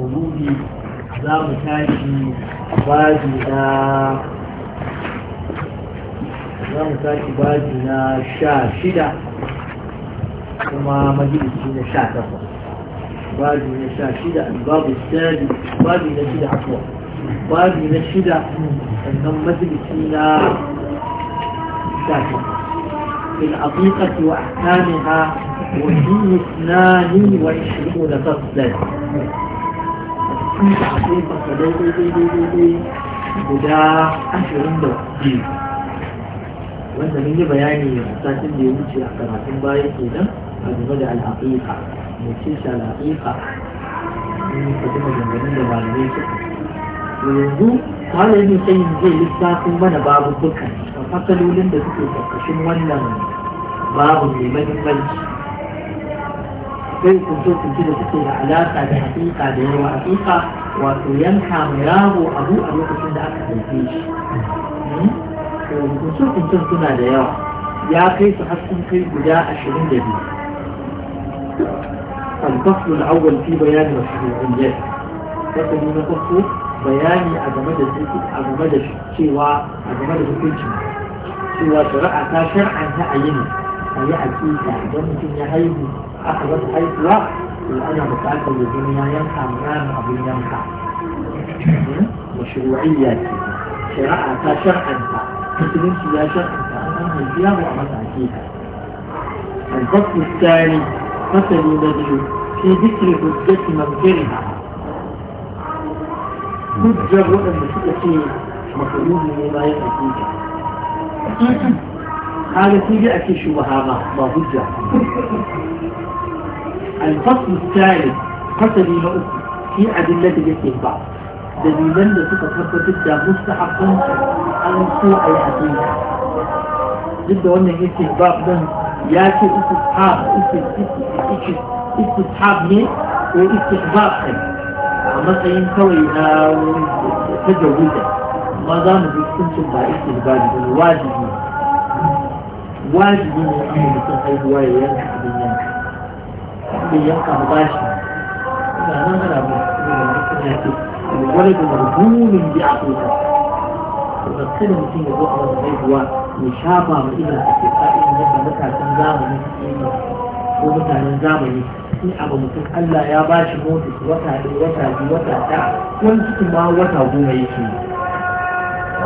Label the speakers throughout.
Speaker 1: موضوعي باب تاجي باجي لا باب تاجي باجي لا كما مجيب السنة شا تفا باجي الباب الثاني باجي لا شدا عفوا باجي انهم مجيب السنة شا في الحقيقة وأحكامها وفي اثنان وعشرون فصلا akwai fasadai daidai guda ashirin da biyu wanda mun yi bayani da satin da ya wuce a karatun baya nan a game da al'aƙiƙa mai ce shi al'aƙiƙa mun yi fadi maganganun da malamai suka yanzu malam ibn qayyim zai lissafin mana babu dukkan fasalolin da suke karkashin wannan babu mai mahimmanci كنتم كنتم كده تكتب علاقه بحقيقه بغير حقيقه ويمحى مراه ابوه ابوه كنت اكثر من فيش وكنتم كنتم كنا ديو يا كيف حسن كيف بدا الشرين دي الفصل الاول في بيان رسول الانجاز لكن هنا فصل بياني أجمد الزيكي أجمد الشيوى أجمد الكنشم شيوى شرعة شرعا هأيني ويأتي تهجم في النهاية أخذت حيث لا وأنا بطاقة الدنيا ينحى مرام أبو ينحى مشروعية شراء تشرع أنت تسلم شيئا شرع أنت أنا مزيان وأمت أكيد الضبط الثاني فصل النبي في ذكر هجة من كرهها هجة رؤى المشكلة مخيوم لما يأتيك هذا تيجي أكيد شبهة ما الفصل الثالث قتلي ما أكل في أدلة جسد بعض دليلا لتك تربى جدا مستحقا عن سوء أي جدا وانا جسد البعض ده ياكي اتصحاب استصحاب ليه واستحباب حلو a matsayin kawai na ta jawuda amma za mu wajibi ne a mutum haihuwa ya yanka abin yanka abin yanka mu bashi ina nan ana ba ya ce wani da marhumin bi a kuka to da kada mutum ya zo a wani haihuwa ya shafa ma ina a ke fa'in yadda mutanen zamani suke yi ko mutanen zamani in abu mutum Allah ya bashi motis wata ɗaya wata biyu wata ɗaya wani cikin ma wata goma yake yi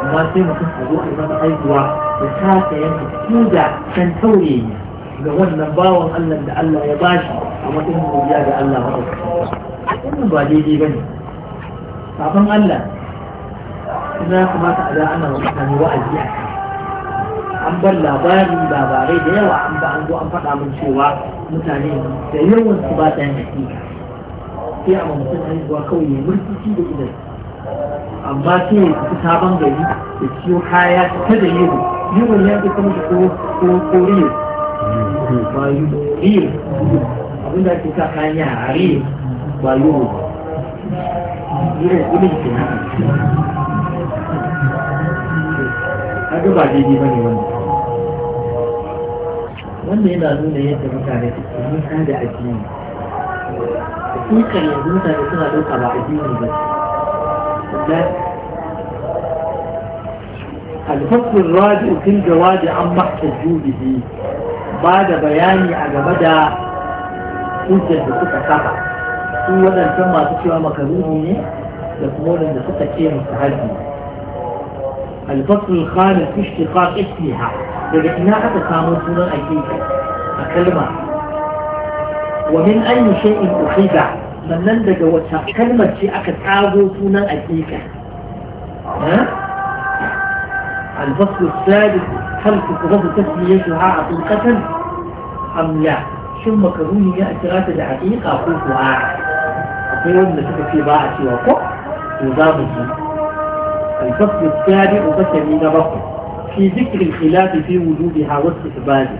Speaker 1: amma sai mutum a zo a yi masa haihuwa da kasa yanka tuda kan taure ga wannan bawan Allah da Allah ya bashi a matsayin godiya ga Allah maɗaukacin wannan ba daidai ba ne sabon Allah kuma ya kamata a da ana mutane wa'azi a kai an bar labarin labarai da yawa an ba an zo an faɗa min cewa mutane da yawan su ba ta yin hakika sai a mutum haihuwa kawai ya murtiki da idan amma sai ya su sabon gari da ciwo kaya ta da yiwu yiwu ya fi kuma ko ko ko riyo ba yi riyo abinda ake sa kayan yara riyo ba yiwu irin kudin ke haka kaga ba daidai ba ne wannan wannan yana nuna yadda mutane nisa da addini da yanzu mutane suna ɗauka ba addini ba الفصل الرابع في الجواد عن محسن جوده بعد بياني مدى كنت بكتا سبع في ودن كما تشوى كروني يقولون أن سكة شيء مستهدي الفصل الخامس في اشتقاق اسمها لكنها تسامون سنة أكيدة اكلمة ومن أي شيء أحيدة sannan daga wata kalmar ce aka tsago sunan aƙiƙa الفصل السادس هل تتغذى تسميتها حقيقة أم لا شو مكروني يا أتغاثة الحقيقة أقولها أقول لك في باعة وقع نظامه الفصل السابع بشري نبقى في ذكر الخلاف في وجودها واستحبابه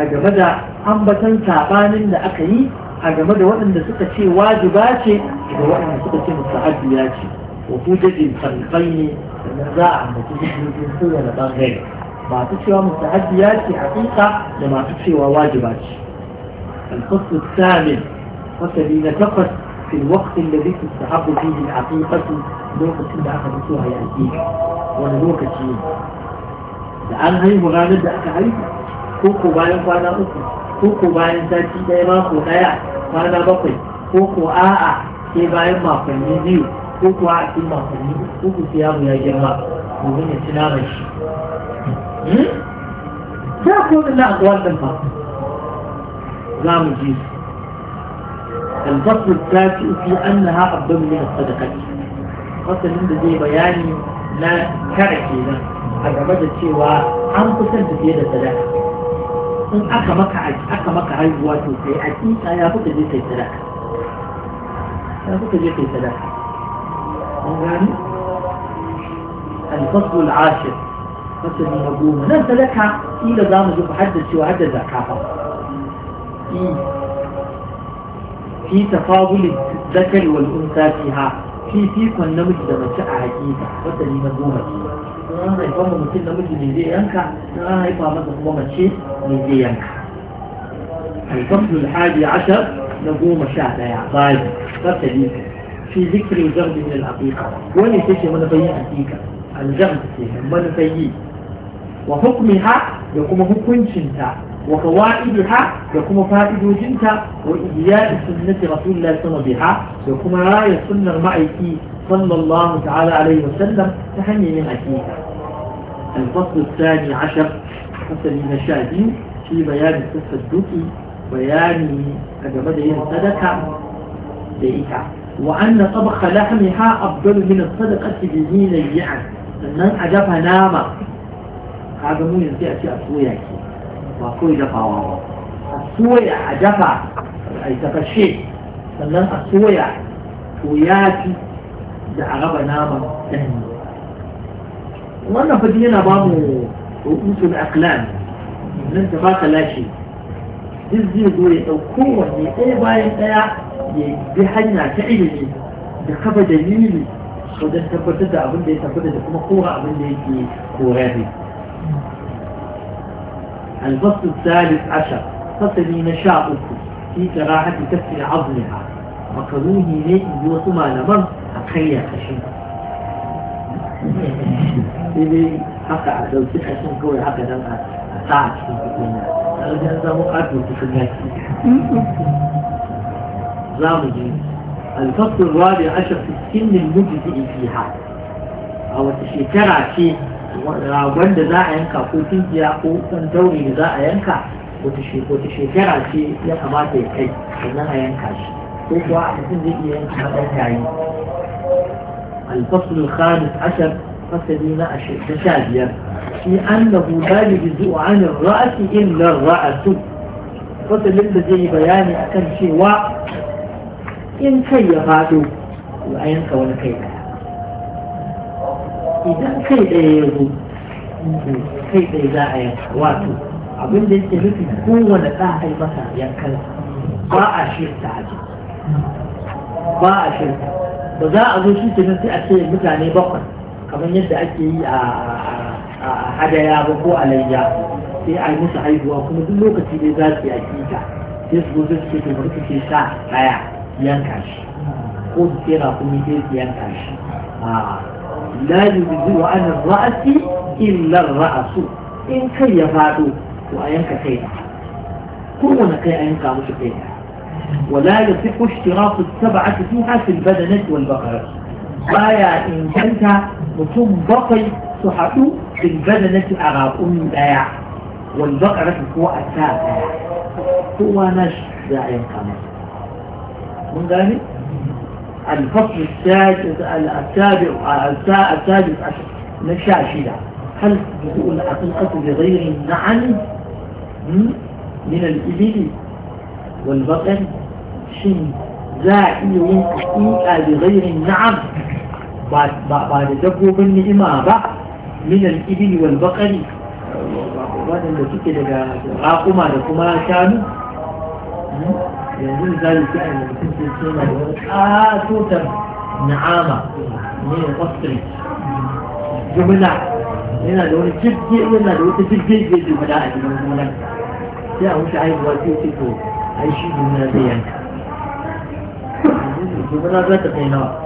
Speaker 1: هكذا أنبتا تعبان لأقلي a game da waɗanda suka ce wajiba ce da waɗanda suka ce mustahabbiya ce wa hujjajin farfai ne sannan za a ambaci hujjojin kowane bangare masu cewa mustahabbiya ce haƙiƙa da masu cewa wajiba ce الفصل الثامن فصل نتقص في الوقت الذي تستحب فيه الحقيقة لوقت اللي أخذتوها يأتيك ولا لوقت شيء لأن هي مغالبة أكا هيك كوكو بايا وانا أكو ko ko bayan sati ɗaya mako ɗaya kwana bakwai ko ko a'a ke bayan makonni biyu ko ko a cikin makonni ko ko siya ya girma domin ya ci naman shi. Hmm? Sai ko kowane na ga wannan ba za mu ji al fatu ta ci uku an na haɓar ban yi da sadakati. Fasalin da zai bayani na kare kenan a game da cewa an da fiye da sadakati. in aka maka aka maka haihuwa to kai hakika ya fuka je kai sadaka ya fuka je kai sadaka an gani al-fasl al-ashir fasl na goma nan sadaka kila za mu zuba hadda cewa hadda zakafa في تفاضل الذكر والأنثى فيها في فيكم نمج دمشق عجيبة وتليم الرومة الفصل الحادي عشر نقوم يا عقائد فتديك في ذكر الجرد من العقيقة ولي تشي من فيه عقيقة فيها من فيه وحكمها يقوم حكم شنتا وفوائدها يقوم فائد جنتا وإياء سنة رسول الله صلى الله عليه وسلم يقوم راية سنة المعيكي صلى الله تعالى عليه وسلم تحني من عقيقة الفصل الثاني عشر فصل المشاهدين في بيان السفة الدوكي بيان أجمده الصدقة بإيكا وأن طبخ لحمها أفضل من الصدقة بمين اليعن أنه أجابها نامة هذا مو ينفع في أسوية وأقول جفا أسوية أسويا أجابها أي تفشي أنه أسوية توياتي دعرب نامة تهنو wannan fadi yana ba mu rukusul aklan nan ta baka lashe duk zai zo ya ɗauko wanne ɗaya bayan ɗaya ya bi hanya ta ilimi da kafa dalili wajen tabbatar da abin da ya tabbata da kuma kora abin da yake korari الفصل الثالث عشر فصل نشاء في كراهة كف عظمها مكروه ليه يوصم على من أخير خشن إذن حقا لو تحس أن كوي حقا دمع أطاعك أقول لها أنه مقعد وتفلناك زامجي الفصل الرابع عشر في السن المجدئ فيها أو تشكرا شيء وأن ذا عينك أقول تنجي أقول تنجوري ذا عينك وتشكرا شيء يقما تيكي إنها عينك هو واحد من ذي عينك الفصل الخامس عشر أسلي ما أشيء تشابيا في لا يجزء عن الرأس إلا الرأس فصل الذي بياني أكن شيء إن كي يفعله وأين كون كي إذا كي يزو كي إذا يفعله abin da yake nufi kowane ɗa ai masa yankan ba a shirta a ba a shirta ba za a zo kamar yadda ake yi a hadaya ba ko alayya sai a yi musu haihuwa kuma duk lokaci ne za su yi akita sai su gozo su ke to bari su ce sa daya yanka shi ko su ce rakumi sai su yanka shi lalu yuzu zuwa ana ra'asi illar ra'asu in kai ya fado to a yanka kai na kowane kai a yanka musu kai na ولا يصح اشتراط السبعة فيها في البدنة والبقرة. بايا إن كنت mutum bakwai su haɗu bilbadanati a raƙun ɗaya walbaƙarati ko a ta ɗaya kowa na shi za a mun gane الفصل السادس السابع السادس عشر نشاشدة هل جزء الحقيقة بغير النعل من الإبل والبقر شن زائل حقيقة بغير النعم ba da dabbobin ni'ima ba minan al-ibil wal baqari wadanda suke daga raƙuma da kuma shanu yanzu zai sai a yi mutum sai ce na da wani ƙatotar na'ama ne da ostrich jumla yana da wani jirgi yana da wata jirgin ke jumla a cikin jumla sai a wuce haihuwa sai ce to yi shi jumla zai yanka jumla za ta kai nawa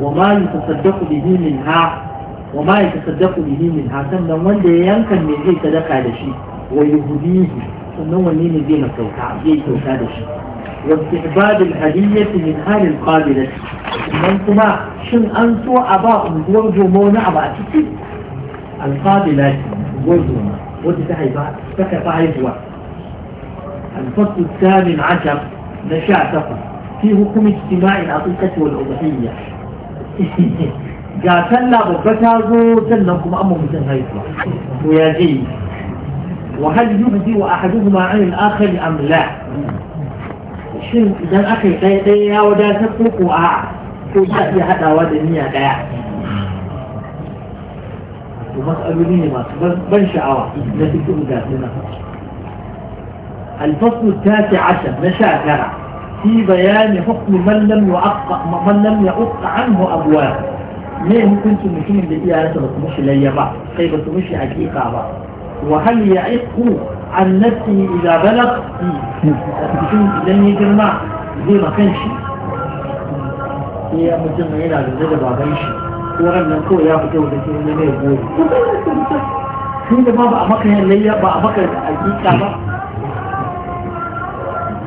Speaker 1: وما يتصدق به منها وما يتصدق به منها sannan wanda ya يمكن من zai sadaka da shi wa yuhudihi sannan wanne ne zai makauta zai kyauta da واستحباب الهدية من أهل القابلة من كما شن أنسو أبا أمزور جمونا أبا أتكي القابلة وزونا وتتحيبا فكفا عزوة الفصل الثامن عشر نشاع تقل في حكم اجتماع العقيقة والأضحية ga sallah babba ta zo sannan kuma an mutum haihuwa to ya zai wa hal yubdi wa ahaduhuma an al-akhar am la shin idan aka yi ɗaya ɗaya ya wadatar ko ko a ko za iya haɗawa da niyya ɗaya to mas'aloli ne masu ban sha'awa na cikin gasina الفصل التاسع عشر نشاء ترى في بيان حكم من لم يعق من لم يعق عنه أبواب ما ممكنش المسلم اللي فيها هذا بس ليا بقى كيف بس مش حقيقة بقى وهل يعق عن نفسه إذا بلغ المسلم لن يجمع زي ما كانش هي مسلم هنا بالزيادة بعضيش ورغم من كل يعرف جو بس إنه ما يقول شو ده ما بقى مكان ليا بقى مكان حقيقة بقى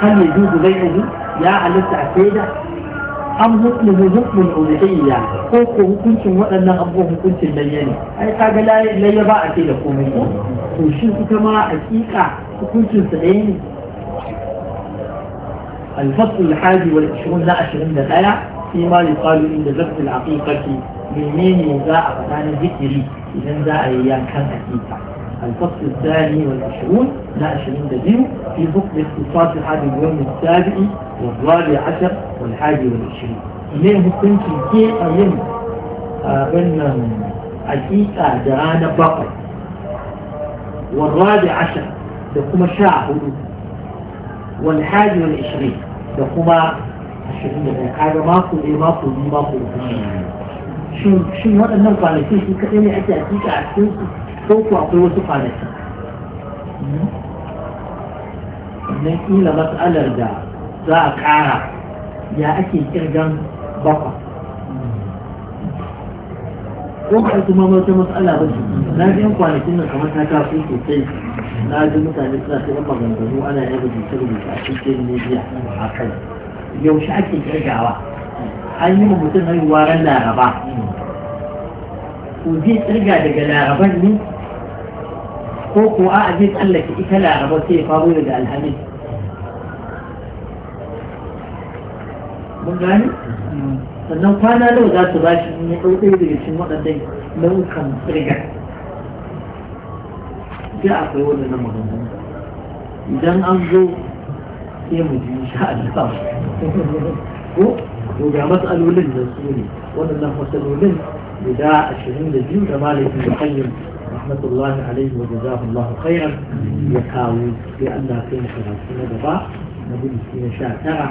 Speaker 1: هل يجوز بيعه يا علمت عكيدة أم حكمه حكم الألوهية كوكو كنت وأنا أبوه كنت الملياني أي حاجة لا لا يباع كده كومي وشو كما حقيقة كنت سعين الفصل الحادي والعشرون لا عشرين دقيقة فيما يقال إن ذبح العقيقة منين ذا أفتان ذكري إذا ذا أيام كان حقيقة الفصل الثاني والعشرون لا عشرين دقيقة في حكم اختصاص هذا اليوم السابع والرابع عشر والحادي والعشرين من حكم كي قيم بين عقيقة دعانا بقر والرابع عشر لكما شاع والحادي والعشرين لكما عشرين قل إيه ما قل إيه ما قل شو شو هذا النقطة اللي يعني فيه كثير أشياء عقيقة عقيقة صوت وعطي وصف على
Speaker 2: السماء
Speaker 1: من إلى مسألة دا دا كارا يا أكي إرجان بقى وقعت ثم موت مسألة بس لازم قالت إنك ما تكافي في شيء لازم تعرف لا شيء ما أنا أبغى أبدي سلبي في شيء من اللي يحصل عقل يوم شاكي ترجع وا هاي مو متن هاي لا ربع وزيد ترجع دجال ربع مين حقوق وأعجب ألك إكلا عبرتي قابل دع الحديث مجاني؟ فنو كان لو ذات باش من يقوطيه دي شمو قدين لو كان رجع جاء قول لنا مغنم إذا أنزو يمج إن شاء الله وجاء مسأل ولن للسوري ولن نحو سأل ولن لداء الشهيد الجيو كما ليس رحمة الله عليه وجزاه الله خيرا يحاول بأن في شرع سنة بقى نقول سنة شاكرة